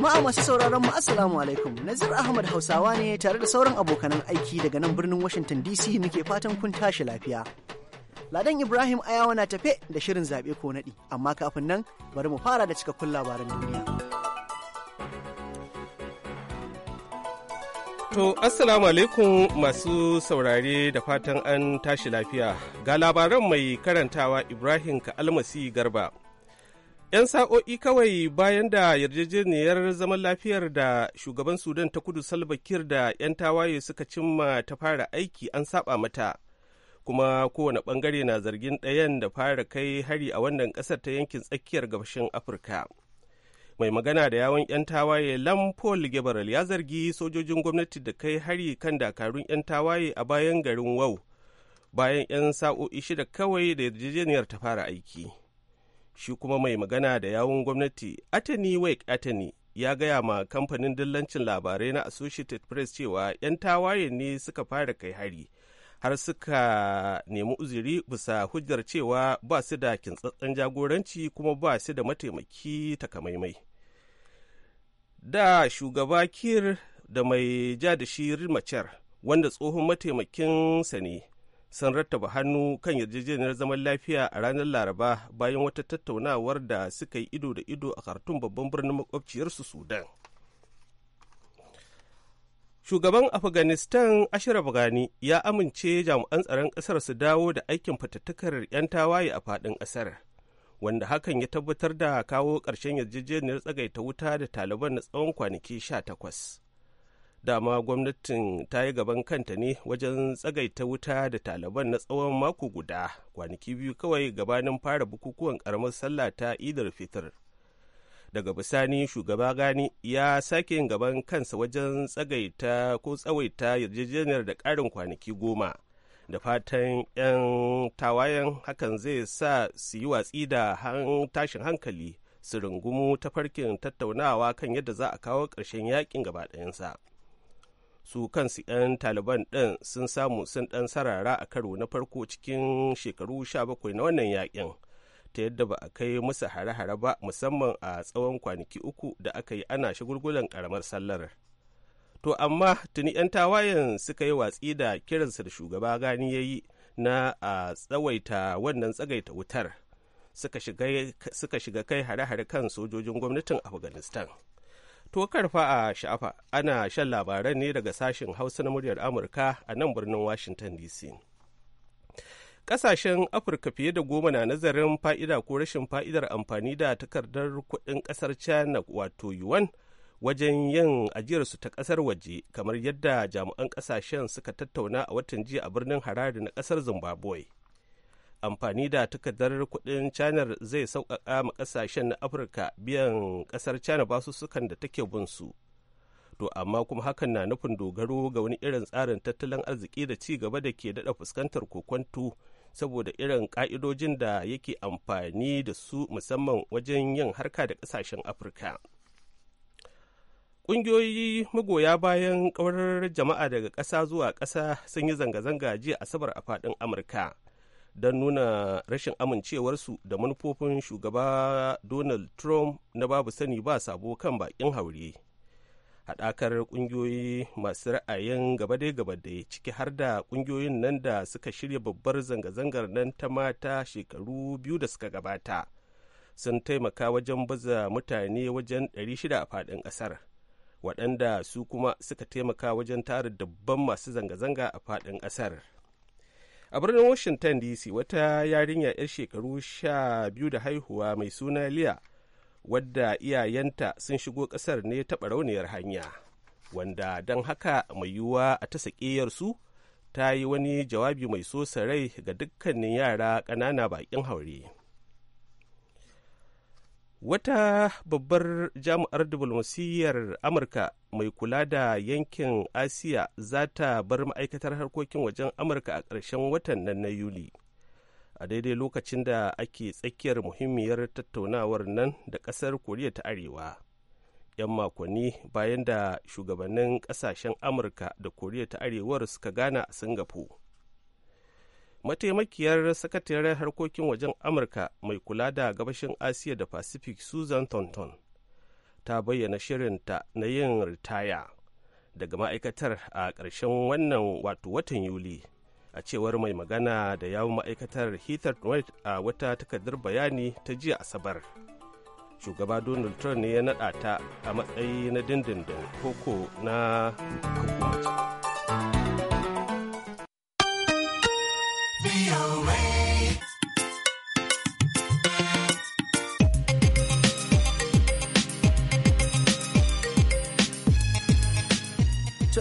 Jama'a masu sauraron mu Assalamu alaikum. Nazir Ahmad Hausawa ne tare da sauran abokanan aiki daga nan birnin Washington DC muke fatan kun tashi lafiya. Ladan Ibrahim Ayawa na tafe da shirin zaɓe ko naɗi, amma kafin nan bari mu fara da cikakkun labaran duniya. To, Assalamu alaikum masu saurare da fatan an tashi lafiya. Ga labaran mai karantawa Ibrahim ka Almasi Garba. 'Yan sa'o'i kawai bayan da yarjejeniyar zaman lafiyar da shugaban Sudan ta kudu Salva Kiir da 'yan tawaye suka cimma ta fara aiki an saba mata, kuma kowane ɓangare na zargin ɗayan da fara kai hari a wannan ƙasar ta yankin tsakiyar gabashin Afirka. Mai magana da yawon 'yan tawaye Lam Paul Gabriel ya zargi sojojin gwamnati da kai hari kan dakarun 'yan tawaye a bayan garin Wau, bayan 'yan sa'o'i shida kawai da yarjejeniyar ta fara aiki. shi kuma mai magana da yawun gwamnati atani wake atani ya gaya ma kamfanin dillancin labarai na associated press cewa 'yan tawaye ne suka fara kai hari har suka nemi uzuri bisa hujjar cewa ba su da kintsatsen jagoranci kuma ba su da mataimaki takamaimai da shugaba kir da mai ja da shi wanda tsohon mataimakinsa ne sun rattaba hannu kan yarjejeniyar zaman lafiya a ranar laraba bayan wata tattaunawar da suka yi ido da ido a kartun babban birnin makwabciyarsu sudan shugaban afghanistan ashraf ghani ya amince jami'an tsaron ƙasar su dawo da aikin fatattakar 'yan tawaye a faɗin ƙasar wanda hakan ya tabbatar da kawo ƙarshen yarjejeniyar tsagaita wuta da taliban na tsawon kwanaki 18 dama gwamnatin ta yi gaban kanta ne wajen tsagaita wuta da taliban na tsawon mako guda kwanaki biyu kawai gabanin fara bukukuwan karamar sallah ta idar fitr daga bisani shugaba gani ya sake yin gaban kansa wajen tsagaita ko tsawaita yarjejeniyar da karin kwanaki goma da fatan 'yan tawayen hakan zai sa su yi watsi da tashin hankali su rungumu ta farkin tattaunawa kan yadda za a kawo ƙarshen yakin gabaɗayansa. su kansu 'yan taliban ɗin sun samu sun ɗan sarara a karo na farko cikin shekaru 17 na wannan yakin ta yadda ba a kai musu hare-hare ba musamman a tsawon kwanaki uku da aka yi ana shagulgulan karamar sallar to amma tuni 'yan tawayen suka yi watsi da kiransa da shugaba gani ya yi na a tsawaita wannan tsagaita wutar suka shiga kai hare-hare kan sojojin gwamnatin afghanistan To karfa a sha'afa ana shan labaran ne daga sashen Hausa na muryar Amurka a nan birnin Washington DC. Ƙasashen Afirka fiye da goma na nazarin fa'ida ko rashin fa'idar amfani da takardar kuɗin ƙasar China wato yuan wajen yin ajiyarsu ta ƙasar waje kamar yadda jami'an ƙasashen suka tattauna a watan jiya a birnin Harare na ƙasar Zimbabwe. amfani da takardar kudin canar zai sauƙaƙa ma ƙasashen na afirka biyan ƙasar cana basussukan da take bin to amma kuma hakan na nufin dogaro ga wani irin tsarin tattalin arziki da ci gaba da ke daɗa fuskantar kokwanto saboda irin ƙa'idojin da yake amfani da su musamman wajen yin harka da ƙasashen afirka ƙungiyoyi magoya bayan ƙaurar jama'a daga ƙasa zuwa ƙasa sun yi zanga-zanga jiya asabar a faɗin amurka don nuna rashin amincewarsu da manufofin shugaba donald trump na babu sani ba sabo kan bakin haure haɗakar ƙungiyoyi masu ra'ayin gaba daya-gaba daya ciki har da ƙungiyoyin nan da suka shirya babbar zanga-zangar nan ta mata shekaru biyu da suka gabata sun taimaka wajen baza mutane wajen 600 a faɗin ƙasar waɗanda su kuma suka taimaka wajen tara dabban masu zanga-zanga a faɗin ƙasar a birnin washington dc wata yarinya 'yar shekaru sha biyu da haihuwa mai suna liya wadda iyayenta sun shigo kasar ne ta barauniyar hanya wanda don haka mai yiwuwa a ta su ta yi wani jawabi mai so rai ga dukkanin yara ƙanana bakin haure wata babbar jami'ar diflomasiyyar amurka mai kula da yankin asiya za ta bar ma'aikatar harkokin wajen amurka a ƙarshen watan nan na yuli a daidai lokacin da ake tsakiyar muhimmiyar tattaunawar nan da ƙasar koriya ta arewa yan makonni bayan da shugabannin ƙasashen amurka da koriya ta arewar suka gana a singapore mataimakiyar sakataren harkokin wajen amurka mai kula da gabashin asiya da pacific susan thornton ta bayyana shirinta na yin ritaya daga ma'aikatar a ƙarshen wannan wato watan yuli a cewar mai magana da yawun ma'aikatar heather white a wata takardar bayani ta jiya asabar shugaba donald trump ne ya naɗa ta a matsayi na dindindin koko na hukumar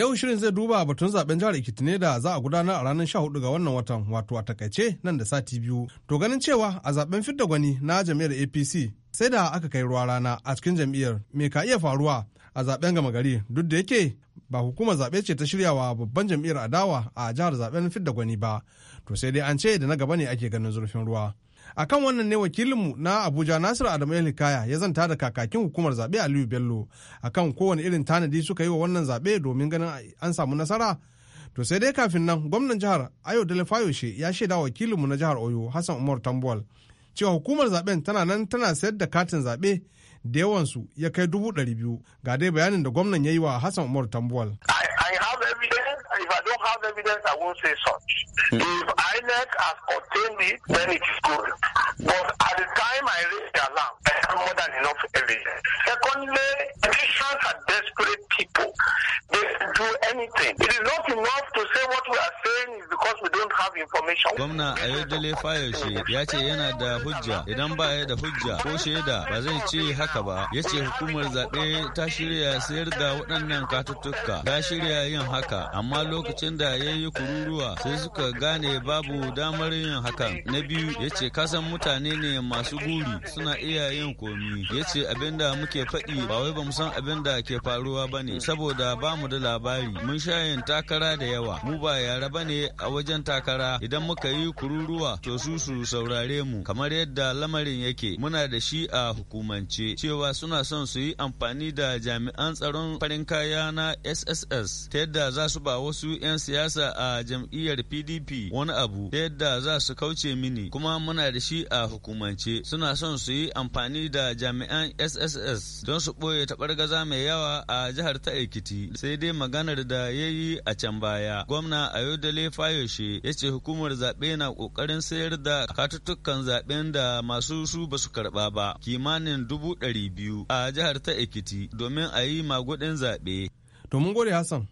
Yau shirin zai duba batun zaben jihar ikiti ne da za a gudanar a ranar 14 ga wannan watan wato a takaice nan da sati biyu. To ganin cewa a zaben fidda gwani na jam'iyyar APC sai da aka kai ruwa rana a cikin jam'iyyar me ka iya faruwa a zaben gama gari duk da yake ba hukumar zaɓe ce ta shiryawa babban jam'iyyar adawa a jihar zaben fidda gwani ba. To sai dai an ce da na gaba ne ake ganin zurfin ruwa. akan wannan ne wakilinmu na abuja nasir adamu hikaya ya zanta da kakakin hukumar zaɓe aliyu bello a kan kowane irin tanadi suka yi wa wannan zaɓe domin ganin an samu nasara to sai dai kafin nan gwamnan jihar ayo dalifayoshe ya shaida wakilinmu na jihar oyo hassan umar tambuwal cewa hukumar zaɓen tana nan tana sayar da katin zaɓe da yawansu ya kai dubu ɗari biyu ga dai bayanin da gwamnan ya yi wa hassan umar tambuwal if I don't have evidence, I won't say such. Hmm. If INEC has obtained it, then it is good. Gwamna Ayodele Fayoshe ya ce yana da hujja idan ba ya da hujja ko shaida ba zai ce haka ba ya ce hukumar zaɓe ta shirya sayar da waɗannan katuttuka ta shirya yin haka amma lokacin da ya yi kururuwa sai suka gane babu damar yin hakan. Na biyu ya ce kasan mutane ne masu guri suna iya yin komi ya ce abin da muke faɗi ba wai ba mu san abin da ke faruwa ba ne saboda ba mu da labari mun sha yin takara da yawa mu ba yara ba ne a wajen takara idan idan muka yi kururuwa to su su saurare mu kamar yadda lamarin yake muna da shi a hukumance cewa suna son su yi amfani da jami'an tsaron farin kaya na SSS ta yadda za su ba wasu 'yan siyasa a jam'iyyar PDP wani abu ta yadda za su kauce mini kuma muna da shi a hukumance suna son su yi amfani da jami'an SSS don su ɓoye taɓargaza mai yawa a jihar ta Ekiti sai dai maganar da ya yi a can baya gwamna Ayodele Fayoshe ya ce hukumar hukumar zaɓe na ƙoƙarin sayar da katuttukan zaɓen da masu su ba su karɓa ba kimanin dubu ɗari biyu a jihar ta Ekiti domin a yi magudin zaɓe. To mun gode Hassan.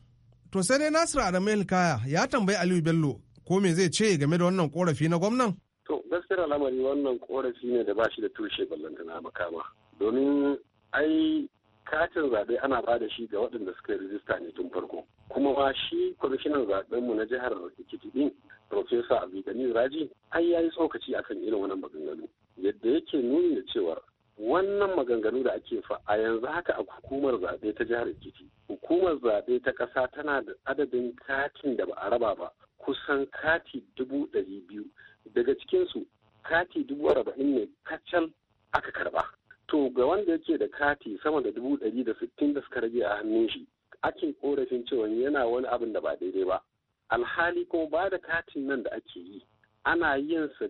To sai dai Nasiru Adamu Kaya ya tambayi Aliyu Bello ko me zai ce game da wannan korafi na gwamnan? To gaskiya lamari wannan korafi ne da ba shi da tushe ballantana makama. Domin ai katin zaɓe ana ba da shi ga waɗanda suka yi rijista ne tun farko kuma ma shi kwamishinan zaɓenmu na jihar Ekiti din Profesa Abdulgani Raji ai ya yi tsokaci akan irin wannan maganganu yadda yake nuni da cewar wannan maganganu da ake fa a yanzu haka a hukumar zaɓe ta jihar Ekiti hukumar zaɓe ta ƙasa tana da adadin katin da ba a raba ba kusan kati dubu ɗari biyu daga cikinsu kati dubu arba'in ne kacal aka karba to ga wanda yake da kati sama da dubu ɗari da sittin da suka rage a hannun shi ake korafin cewa yana wani abin da ba daidai ba alhali kuma ba da katin nan da ake yi ana yin sa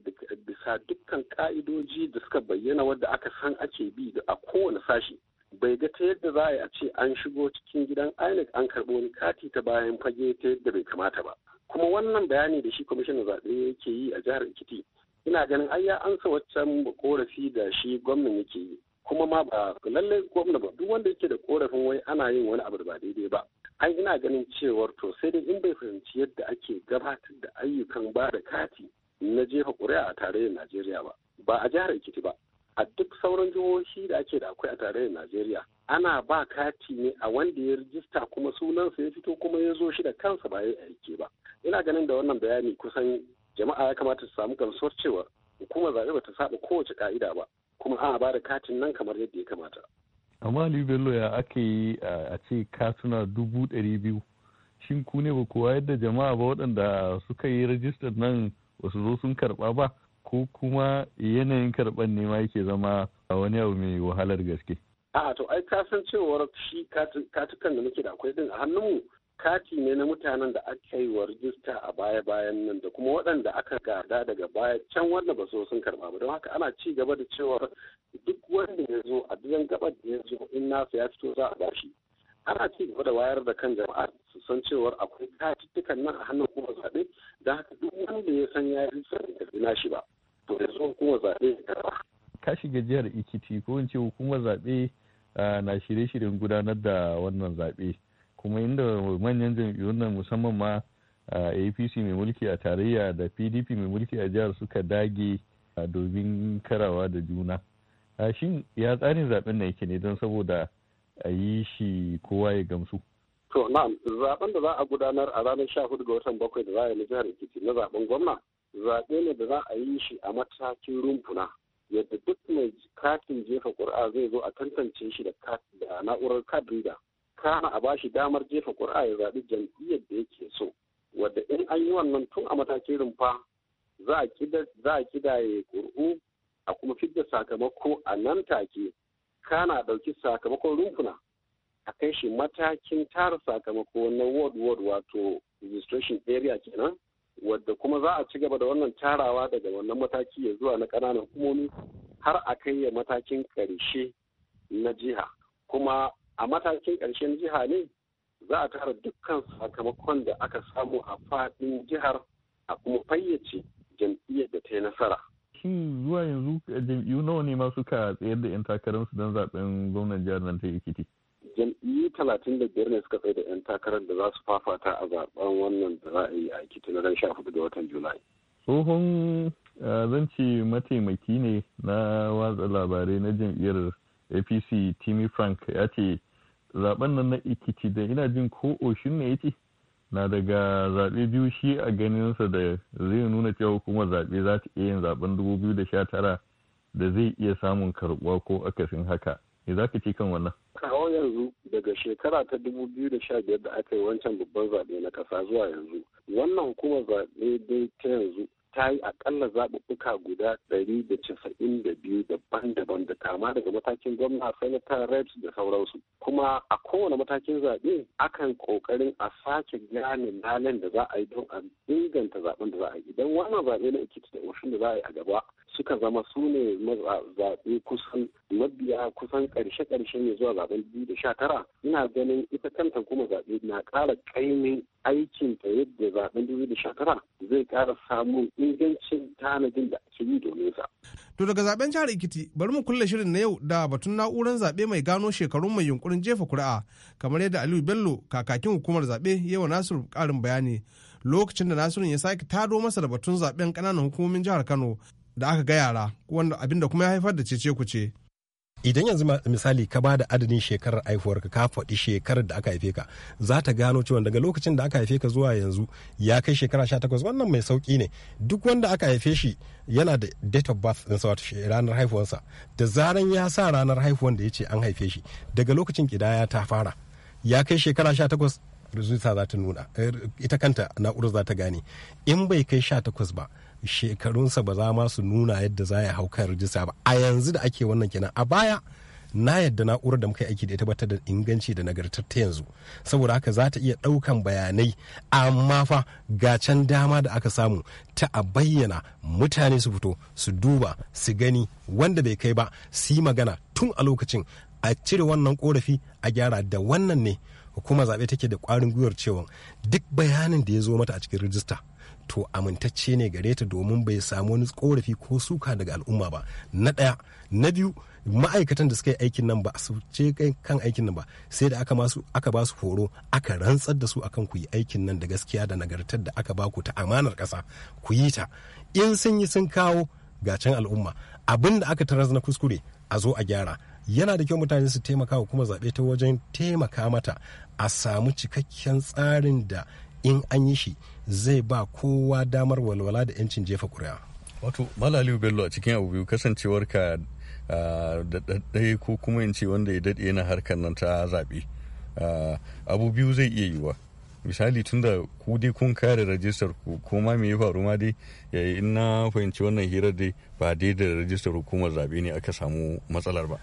bisa dukkan ka'idoji da suka bayyana wadda aka san ake bi a kowane sashi bai ga ta yadda za a yi a ce an shigo cikin gidan inec an karɓo wani kati ta bayan fage ta yadda bai kamata ba kuma wannan bayani da shi kwamishinan zaɓe yake yi a jihar ekiti ina ganin ai ya ansa waccan korafi da shi gwamnan yake yi kuma ma ba lallai gwamna ba duk wanda yake da korafin wai ana yin wani abu da ba daidai ba an ina ganin cewar to sai dai in bai fahimci yadda ake gabatar da ayyukan ba da kati na jefa ƙuri'a a tarayyar Najeriya ba ba a jihar ikiti ba a duk sauran jihohi da ake da akwai a tarayyar Najeriya ana ba kati ne a wanda ya rijista kuma sunansa ya fito kuma ya zo shi da kansa ba ya aike ba ina ganin da wannan bayani kusan jama'a ya kamata su samu gamsuwar cewa hukumar zaɓe ba ta saba kowace ka'ida ba kuma a bada katin nan kamar yadda ya kamata amma bello ya ake yi a ce katuna dubu ɗari biyu shin ku ne ba kowa yadda jama'a ba waɗanda suka yi rajistar nan wasu zo sun karɓa ba ko kuma yanayin karɓar ne ma yake zama a wani abu mai wahalar gaske a to ai kasancewar shi katukan da muke da akwai din a hannunmu kati ne na mutanen da aka yi wa rijista a baya-bayan nan da kuma waɗanda aka gada daga baya can wanda ba so sun karba ba don haka ana ci gaba da cewa duk wanda ya zo a duyan gabar da ya zo in nasa ya fito za a bashi ana ci gaba da wayar da kan jama'a su san cewar akwai katittukan nan a hannun kuma zaɓe da haka duk wanda ya san ya yi da karbi shi ba to da zo kuma zaɓe ya karba. kashi gajiyar jihar ikiti ko in ce hukumar zaɓe ah, na shirye-shiryen gudanar da wannan zaɓe. kuma inda manyan jam'iyyun nan musamman ma a apc mai mulki a tarayya da pdp mai mulki a jihar suka dage domin karawa da juna shin ya tsarin zaben na yake ne don saboda a yi shi kowa ya gamsu to na'am zaben da za a gudanar a ranar sha hudu ga watan bakwai da za a yi na jihar na zaben gwamna zaɓe ne da za a yi shi a matakin rumfuna yadda duk mai katin jefa ƙuri'a zai zo a tantance shi da na'urar kadin da kana a bashi damar jefa ƙuri'a ya zaɓi jam'iyyar da yake so wadda in an yi wannan tun a matakin rumfa za a kidaye ƙur'u a kuma fidda sakamako a nan take kana ɗauki sakamakon rumfuna a kai shi matakin tara sakamako na ward ward wato registration area kenan wadda kuma za a ci gaba da wannan tarawa daga wannan mataki ya zuwa na ƙananan hukumomi har a kai ya matakin ƙarshe na jiha kuma a matakin ƙarshen jiha ne za a tara dukkan sakamakon da aka samu a faɗin jihar a kuma fayyace jam'iyyar da ta yi nasara. Shin zuwa yanzu eh, jam'iyyu nawa ne masu ka tsayar da 'yan takararsu don zaben gwamnan jihar nan ta ikiti Jam'iyyu talatin da biyar ne suka tsaye da 'yan takarar da za su fafata a zaben wannan da za a yi a ikiti na ran sha hudu da watan Julai. Tsohon eh, zanci mataimaki ne na watsa labarai na jam'iyyar APC Timi Frank ya ce zaben nan na ikici da ina jin ko oshin ne yace na daga zaɓe biyu shi a ganinsa da zai nuna cewa hukumar zaɓe za ta iya yin zaben 2019 da zai iya samun karɓuwa ko akasin haka me za ka ce kan wannan kawo yanzu daga shekara ta 2015 da aka yi wancan babban zaɓe na ƙasa zuwa yanzu wannan hukumar zaɓe dai ta yanzu ta yi akalla zaɓuɓɓuka guda ɗari da casa'in da biyu daban-daban da kama daga matakin gwamna senata reps da sauransu kuma a kowane matakin zaɓe akan ƙoƙarin a sake gane lalen da za a yi don a inganta zaɓen da za a yi idan wannan zaɓe na ikiti da oshin da za a yi a gaba suka zama su ne zaɓe kusan mabiya kusan ƙarshe karshe ya zuwa zaɓen biyu da shakara ina ganin ita kanta kuma zaɓe na ƙara ƙaimin aikin ta yadda zaɓen 2019 da shakara zai ƙara samun ingancin tanadin da ake yi domin sa. To daga zaɓen jihar ikiti bari mu kulle shirin na yau da batun na'urar zaɓe mai gano shekarun mai yunkurin jefa kuri'a kamar yadda Aliyu Bello kakakin hukumar zaɓe yawa Nasiru ƙarin bayani. lokacin da nasiru ya sake tado masa da batun zaɓen ƙananan hukumomin jihar kano da aka ga yara wanda abinda kuma ya haifar da cece ce. idan yanzu misali ka ba da adadin shekarar haihuwarka ka faɗi shekarar da aka haife ka za ta gano cewa daga lokacin da aka haife ka zuwa yanzu ya kai shekara takwas wannan mai sauki ne duk wanda aka haife shi yana da date of birth ɗinsa wato ranar haihuwarsa da zaran ya sa ranar haihuwar da ya ce an haife shi daga lokacin kidaya ta fara ya kai shekara takwas rizuta za ta nuna eh, ita kanta na'urar za ta gane in bai kai sha takwas ba shekarunsa ba za ma su nuna yadda za ya hau kan rijista ba a yanzu da ake wannan kenan a baya na yadda na'urar da muka aiki da ya tabbatar da inganci da nagartar ta yanzu saboda haka za ta iya ɗaukan bayanai amma fa ga can dama da aka samu ta a bayyana mutane su fito su duba su gani wanda bai kai ba su yi magana tun a lokacin a cire wannan korafi a gyara da wannan ne hukumar zaɓe take da ƙwarin gwiwar cewa duk bayanin da ya zo mata a cikin rijista to amintacce ne gare ta domin bai samu wani korafi ko suka daga al'umma ba na ɗaya na biyu ma'aikatan da suka yi aikin nan ba su ce kan aikin nan ba sai da aka masu aka ba su horo aka rantsar da su akan ku yi aikin nan da gaskiya da nagartar da aka baku ta amanar ƙasa ku yi ta in sun yi sun kawo gacan al'umma abin da aka taras na kuskure a zo a gyara yana da kyau mutane su taimaka wa kuma zaɓe ta wajen taimaka mata a samu cikakken tsarin da in an yi shi zai ba kowa damar walwala da 'yancin jefa ƙuri'a. wato malaliu bello a cikin abu biyu kasancewarka ah, da ko kuma in ce wanda ya daɗe na harkar nan ta zaɓe ah, abu biyu zai iya yiwa misali tun da ku dai kun kare rajistar ku kuma me ya faru ma dai yayi eh, in na fahimci wannan hirar dai ba dai da rajistar hukumar zaɓe ne aka samu matsalar ba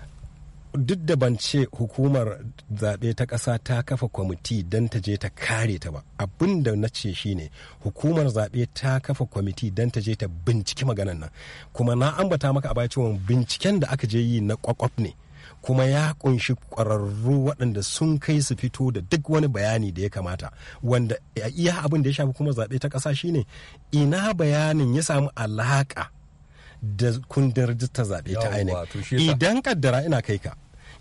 duk da ban ce hukumar zaɓe ta ƙasa ta kafa kwamiti don ta je ta kare ta ba abin da na ce shi ne hukumar zaɓe ta kafa kwamiti don ta je ta binciki maganan nan kuma na ambata maka a baya cewa binciken da aka je yi na kwakwaf ne kuma ya kunshi ƙwararru waɗanda sun kai su fito da duk wani bayani da ya kamata wanda iya abin da ya shafi kuma zaɓe ta ƙasa shine ina bayanin ya samu alaƙa da kundin rajistar zaɓe ta ainihin idan kaddara ina kai ka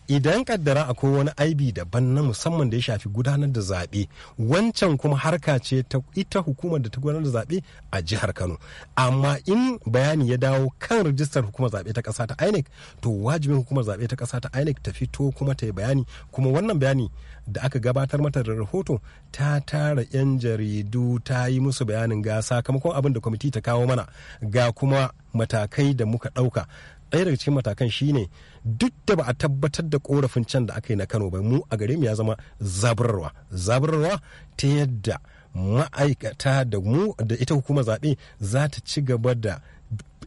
idan kaddara akwai wani aibi daban na musamman da ya shafi gudanar da zaɓe wancan kuma harka ce ta ita hukumar da ta gudanar da zaɓe a jihar kano amma in bayani ya dawo kan rijistar hukumar zaɓe ta ƙasa ta inec to wajibin hukumar zaɓe ta ƙasa ta inec ta fito kuma ta yi bayani kuma wannan bayani da aka gabatar mata da rahoto ta tara 'yan jaridu ta yi musu bayanin ga sakamakon abin da kwamiti ta kawo mana ga kuma matakai da muka ɗauka ɗaya daga cikin matakan shine ne duk da ba a tabbatar da korafin can da aka yi na kano ba mu a gare mu ya zama zabarwa zabarwa ta yadda ma'aikata da mu da ita hukuma zaɓe za ta ci gaba da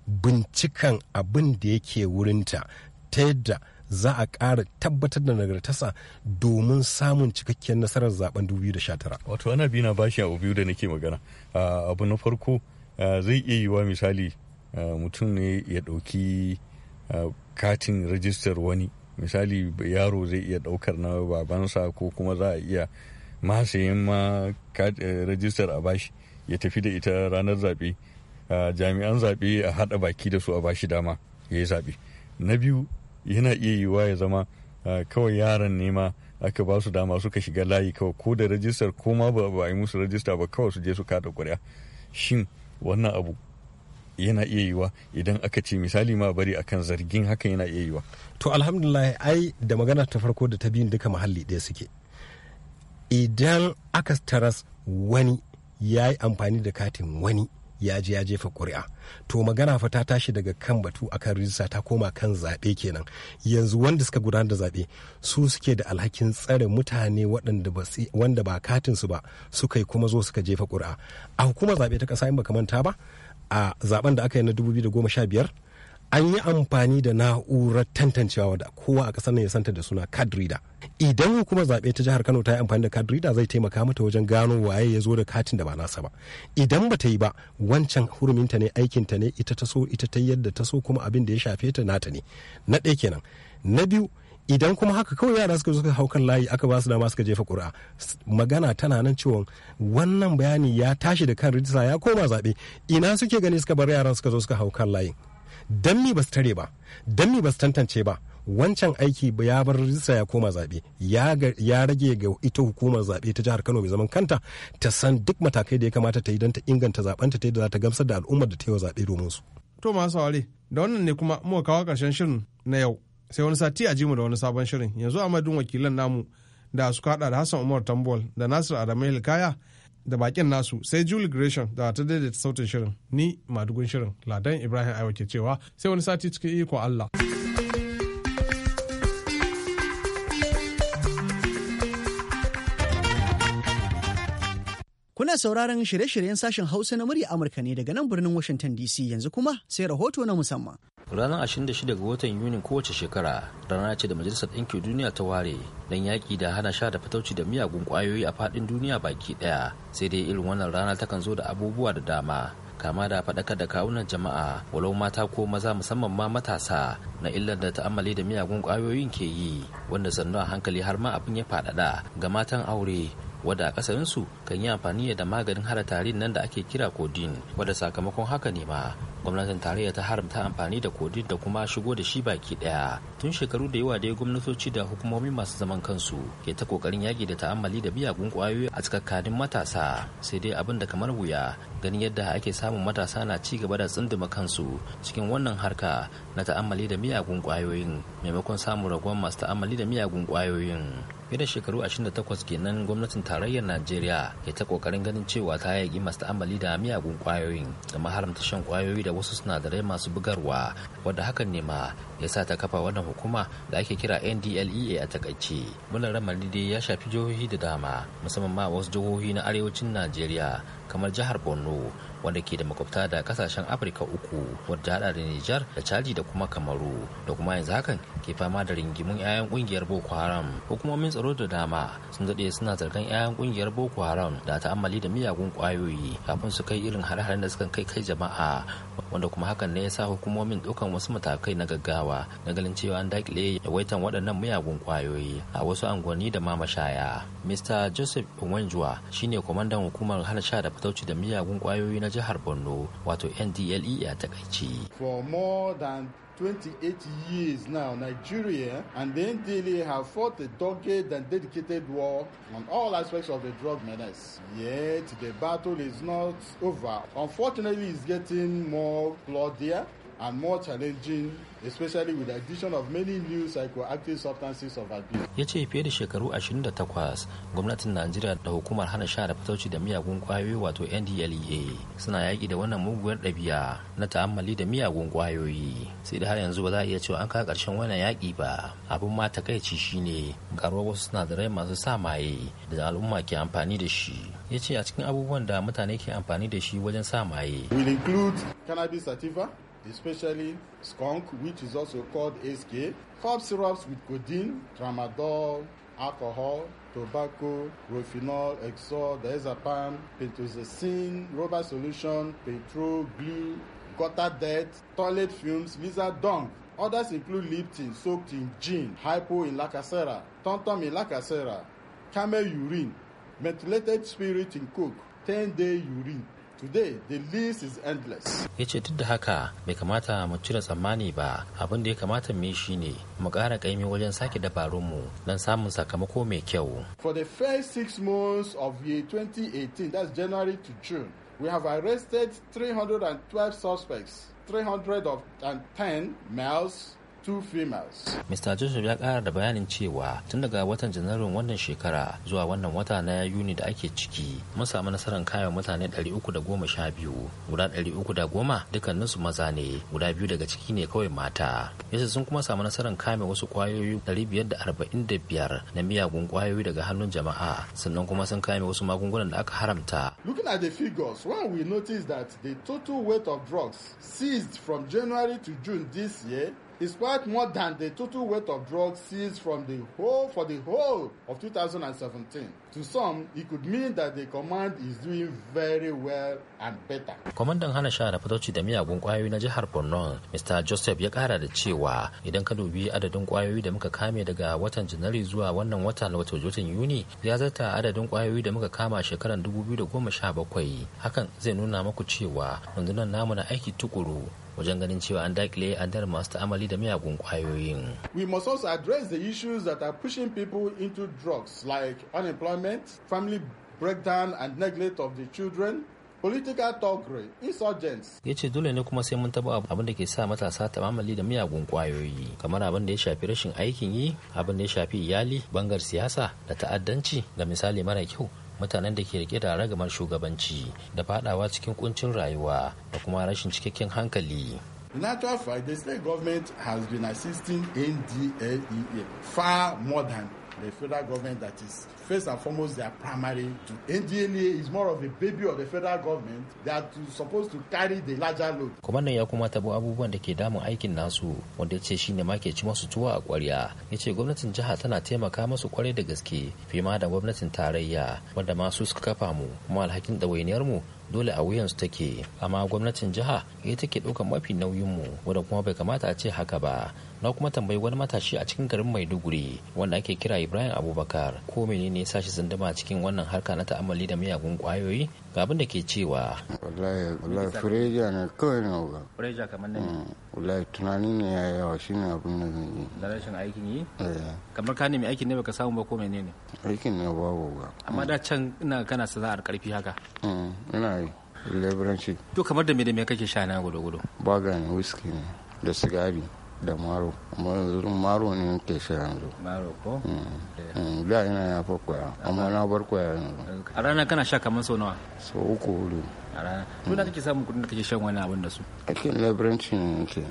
bincikan abin da yake wurinta ta yadda za a ƙara tabbatar da nagartasa domin samun cikakken nasarar zaben 2019. Wato ana bi na bashi abu biyu da nake magana. Ah, abu na farko ah, zai iya yiwa misali ah, mutum ne ya ɗauki Uh, katin rajistar wani misali yaro zai iya ɗaukar na babansa ko kuma za a iya masayin ma uh, rajistar a bashi ya tafi da ita ranar zaɓe uh, jami'an zaɓe a haɗa baki da su a bashi dama ya yi zaɓe na biyu yana iya yiwuwa ya zama kawai yaran ne ma aka ba su dama suka shiga layi kawai ko da rajistar ko ma ba a yi musu rajista ba kawai su je su kada ƙuri'a shin wannan abu yana iya yiwa idan aka ce misali ma bari akan zargin hakan yana iya yiwa to alhamdulillah ai da magana ta farko da ta biyun duka muhalli ɗaya suke idan aka taras wani ya yi amfani da katin wani ya je ya jefa ƙuri'a to magana fa ta tashi daga kan batu akan rijista ta koma kan zaɓe kenan yanzu wanda suka gudanar da zaɓe su suke da alhakin tsare mutane wanda ba katin su ba suka yi kuma zo suka jefa ƙuri'a a hukumar zaɓe ta ƙasa in baka manta ba a zaben da aka yi na 2015 an yi amfani da na'urar tantancewa da kowa a ƙasar nan ya santa da suna kadrida idan hukumar zaɓe ta jihar kano ta yi amfani da kadrida zai taimaka mata wajen gano waye ya zo da katin da ba nasa ba idan ba ta yi ba wancan huruminta ne aikinta ne ita ta so ita ta yadda ta so kuma abin da ya shafe ta nata ne na ɗaya kenan na biyu idan kuma haka kawai yara suka zo suka hau kan layi aka ba su dama suka jefa ƙuri'a magana tana nan cewa wannan bayani ya tashi da kan rijista ya koma zaɓe ina suke gani suka bar yaran suka zo suka hau kan layin dan mi ba tare ba dan mi ba tantance ba wancan aiki ya bar rijista ya koma zaɓe ya rage ga ita hukumar zaɓe ta jihar kano mai zaman kanta ta san duk matakai da ya kamata ta yi don ta inganta zaɓenta ta yadda za ta gamsar da al'ummar da ta yi wa zaɓe domin su. to masu da wannan ne kuma muka kawo karshen shirin na yau sai wani sati a jimu da wani sabon shirin yanzu a madun wakilan namu da suka hada da hassan umar tambol da nasir adamu hilkaya da bakin nasu sai julie gresham da ta daidaita sautin shirin ni madugun shirin ladan ibrahim aiwa ke cewa sai wani sati cikin iko allah Kuna sauraron shirye-shiryen sashen Hausa na murya Amurka ne daga nan birnin Washington DC yanzu kuma sai rahoto na musamman. Ranar 26 ga watan Yuni kowace shekara rana ce da Majalisar Ɗinkin Duniya ta ware don yaƙi da hana sha da fatauci da miyagun ƙwayoyi a faɗin duniya baki ɗaya. Sai dai irin wannan rana takan zo da abubuwa da dama. kama da faɗakar da kawunan jama'a walau mata ko maza musamman ma matasa na illar da ta'ammali da miyagun ƙwayoyin ke yi wanda sannu a hankali har ma abin ya faɗaɗa ga matan aure wadda kasarinsu kan yi amfani da maganin hana tarin nan da ake kira kodin wadda sakamakon haka ne ma gwamnatin tarayya ta haramta amfani da kodin da kuma shigo da shi baki daya tun shekaru da yawa da gwamnatoci da hukumomi masu zaman kansu ke ta kokarin yaki da ta'ammali da biyagun kwayoyi a tsakakanin matasa sai dai abin da kamar wuya ganin yadda ake samun matasa na ci gaba da tsinduma kansu cikin wannan harka na ta'ammali da miyagun kwayoyin maimakon samun ragon masu ta'ammali da miyagun kwayoyin fiye da shekaru 28 kenan gwamnatin tarayyar najeriya ke ta kokarin ganin cewa ta yaƙi masu ta'ammali da miyagun kwayoyin da maharamta shan kwayoyi da wasu sinadarai masu bugarwa wadda hakan ne ma ya sa ta kafa wannan hukuma da ake kira ndlea a takaice wannan ramari dai ya shafi jihohi da dama musamman ma wasu jihohi na arewacin najeriya kamar jihar borno wanda ke da makwabta da kasashen afirka uku wadda hada da nijar da chadi da kuma kamaru da kuma yanzu hakan ke fama da ringimin 'ya'yan kungiyar boko haram hukumomin tsaro da dama sun daɗe suna zargan 'ya'yan kungiyar boko haram da ta'ammali da miyagun kwayoyi kafin su kai irin hare-haren da suka kai kai jama'a wanda kuma hakan ne ya sa hukumomin ɗaukan wasu matakai na gaggawa na ganin cewa an dakile yawaitan waɗannan miyagun kwayoyi a wasu angoni da ma mashaya mr joseph shi shine kwamandan hukumar hana sha da fatauci da miyagun kwayoyi na for more than 28 years now, Nigeria and the NDLA have fought a dogged and dedicated war on all aspects of the drug menace. Yet the battle is not over. Unfortunately, it's getting more bloodier and more challenging, especially with the addition of many new psychoactive substances of abuse. Ya ce fiye da shekaru 28 gwamnatin Najeriya da hukumar hana sha da fatauci da miyagun kwayoyi wato NDLEA suna yaki da wannan muguwar ɗabi'a na ta'ammali da miyagun kwayoyi. Sai da har yanzu ba za a iya cewa an kawo ƙarshen wannan yaƙi ba. Abin ma takaici shine karuwar wasu sinadarai masu sa maye da al'umma ke amfani da shi. Ya ce a cikin abubuwan da mutane ke amfani da shi wajen sa maye. Will include cannabis sativa, especially skunk, which is also called SK, cough syrups with codeine, tramadol, alcohol, tobacco, rophenol, exor, diazepam, pentosacin, rubber solution, petrol, glue, gutter dirt, toilet fumes, lizard dung. Others include Lipton soaked in gin, hypo in lacacera, tom in lacacera, camel urine, methylated spirit in coke, 10-day urine. Today, the list is endless. Ya ce duk da haka bai kamata mu cire tsammani ba abin da ya kamata mu yi mu ƙara ƙaimi wajen sake dabarunmu don samun sakamako mai kyau. For the first six months of year 2018, that's January to June, we have arrested 312 suspects, 310 males, two females. Mr. Joseph ya kara da bayanin cewa tun daga watan Janairun wannan shekara zuwa wannan wata na Yuni da ake ciki mun samu nasarar kayan mutane 312 guda 310 su maza ne guda biyu daga ciki ne kawai mata. Yasa sun kuma samu nasarar kame wasu kwayoyi 545 na miyagun kwayoyi daga hannun jama'a sannan kuma sun kame wasu magungunan da aka haramta. Looking at the figures, one we notice that the total weight of drugs seized from January to June this year is quite more than the total weight of drugs seized from the whole for the whole of 2017. To some, it could mean that the command is doing very well and better. Kwamandan hana sha da fatauci da miyagun kwayoyi na jihar Borno, Mr. Joseph ya kara da cewa idan ka dubi adadin kwayoyi da muka kame daga watan Janairu zuwa wannan wata na wato Jotun Yuni, ya zata adadin kwayoyi da muka kama shekarar 2017. Hakan zai nuna maku cewa rundunar namu na aiki tukuru wajen ganin cewa an dakile dar masu ta'amali da miyagun kwayoyin. We must also address the issues that are pushing people into drugs like unemployment unemployment, family breakdown and neglect of the children, political thuggery, insurgents. Ya ce dole ne kuma sai mun taba abin da ke sa matasa ta mamali da miyagun kwayoyi kamar abin da ya shafi rashin aikin yi, abin da ya shafi iyali, bangar siyasa da ta'addanci ga misali mara kyau mutanen da ke rike da ragamar shugabanci da fadawa cikin kuncin rayuwa da kuma rashin cikakken hankali. Natural actual fact, the state government has been assisting NDLEA far more than the federal government that is first and foremost their primary duty. NDLA is more of a baby of the federal government. They are to, supposed to carry the larger load. Kwamannan ya kuma tabo abubuwan da ke damun aikin nasu wanda ya ce shi ne ma ke ci masu tuwa a kwarya. Ya ce gwamnatin jiha tana taimaka masu kwarai da gaske fi ma da gwamnatin tarayya wanda masu suka kafa mu kuma alhakin ɗawainiyar mu dole a wuyansu take amma gwamnatin jiha ita take ɗaukar mafi nauyin mu wanda kuma bai kamata a ce haka ba na kuma tambayi wani matashi a cikin garin maiduguri wanda ake kira ibrahim abubakar ko menene ya sashi zandama cikin wannan harka na ta'amali da miyagun kwayoyi ga abin da ke cewa wallahi wallahi fureja ne kawai na uga fureja kamar ne mm, wallahi tunani ne ya yawa ne abin da zan yi na rashin aikin yi eh. kamar ka nemi aikin ne baka samu ba ko menene aikin ne babu ga amma da can ina kana sana'ar karfi haka mm, ina yi leburanci to kamar da me da me kake sha na gudu gudu ba ga ne whisky ne da sigari da maro amma yanzu maro ne ke sai yanzu maro ko mm. Mm, da ina ya fa kwaya amma na bar kwaya yanzu a rana kana sha kamar sau nawa sau uku hudu a rana nuna kake samun kudin da kake shan wani abin da su ake leburanci ne ke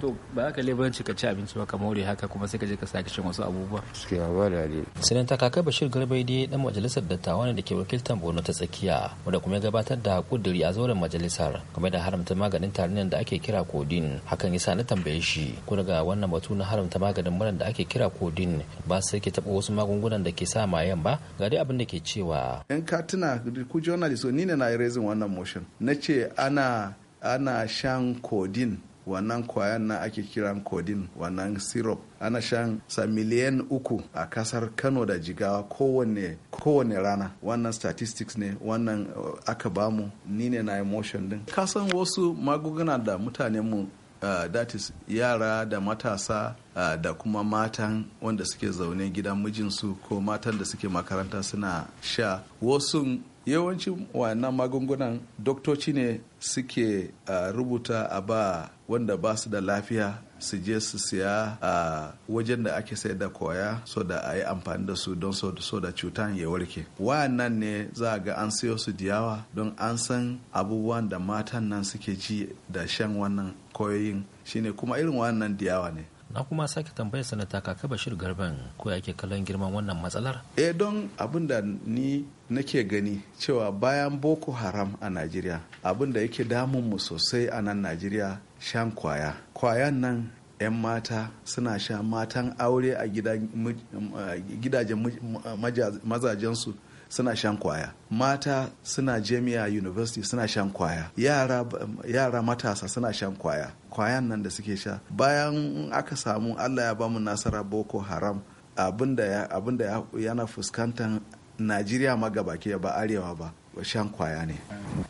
to ba ka leburanci ka ci abinci ba ka more haka kuma sai ka je ka sake shan wasu abubuwa suke ba da hali ta kakai bashir garbai dai dan majalisar dattawa ne da ke wakiltar borno ta tsakiya wanda kuma ya gabatar da kuduri a zauren majalisar game da haramta maganin tarin da ake kira kodin hakan yasa na tambaye shi ko daga wannan batu na haramta maganin mura da ake kira kodin ba sai ke taba wasu magungunan da ke sa mayan ba ga dai abin da ke cewa in ka tuna ku journalist ni ne na raising wannan motion na ce ana ana shan kodin wannan kwayan na ake kiran kodin wannan syrup ana shan sa miliyan uku a kasar kano da jigawa kowane kowane rana wannan statistics ne wannan uh, aka bamu ni ne na emotion din kasan wasu magunguna da mutanen mu Uh, that is yara da matasa uh, da kuma matan wanda suke zaune gidan mijinsu ko matan da suke makaranta suna sha wasu yawancin wannan magungunan doktoci ne suke uh, rubuta a ba wanda ba su da lafiya su je su siya a wajen da ake sayar da koya so da a yi amfani da su don so da cutan ya warke wa'annan ne za a ga an siyo su diyawa don an san abubuwan da matan nan suke ci da shan wannan koyoyin shine kuma irin wannan diyawa ne na kuma sake tambayar sanata kaka bashir garban ko yake kallon girman wannan matsalar eh don abin da ni nake gani cewa bayan boko haram a najeriya abin da yake damunmu sosai a nan najeriya shan kwaya kwayan nan 'yan mata suna sha matan aure a gidajen mazajensu suna shan kwaya mata suna jami'a university suna shan kwaya yara, matasa suna shan kwaya kwayan nan da suke sha bayan aka samu allah ya bamu nasara boko haram abinda yana fuskantar najeriya ma gabaki ba arewa ba shan kwaya ne.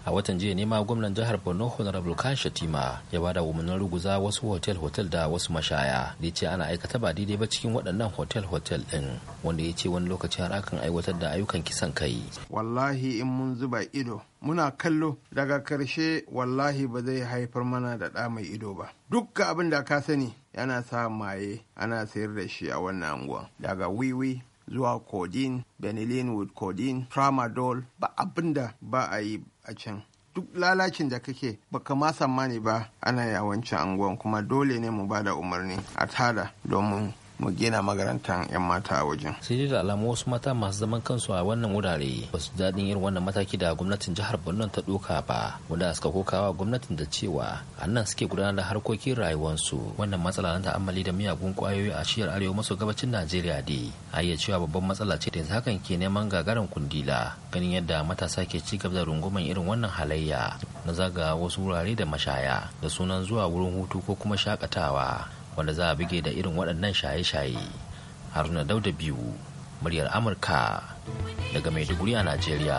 A watan jiya ne ma gwamnan jihar Borno Honorable Kan Shatima ya bada umarnin ruguza wasu hotel-hotel da wasu mashaya da ya ce ana aikata ba daidai ba cikin waɗannan hotel-hotel ɗin wanda ya ce wani lokaci har akan aiwatar da ayyukan kisan kai. Wallahi in mun zuba ido muna kallo daga karshe wallahi ba zai haifar mana da ɗa mai ido ba. Dukka abin da ka sani yana sa maye ana sayar da shi a wannan anguwan daga wiwi zuwa codeine benylin with codeine tramadol ba abin ba a yi a can duk lalacin da kake baka ma tsammani ba ana yawancin anguwan kuma dole ne mu ba da umarni a tada domin mu gina magarantar 'yan mata a wajen. sai dai da alamu wasu mata masu zaman kansu a wannan wurare ba su daɗin irin wannan mataki da gwamnatin jihar borno ta ɗauka ba wanda suka kokawa gwamnatin da cewa a nan suke gudanar da harkokin rayuwarsu wannan matsala na ta'ammali da miyagun kwayoyi a shiyar arewa maso gabacin najeriya de. a iya cewa babban matsala ce da hakan ke neman gagarin kundila ganin yadda matasa ke ci gaba da runguman irin wannan halayya na zaga wasu wurare da mashaya da sunan zuwa wurin hutu ko kuma shakatawa wanda za a buge da irin waɗannan shaye-shaye haruna dauda biyu muryar amurka daga maiduguri a najeriya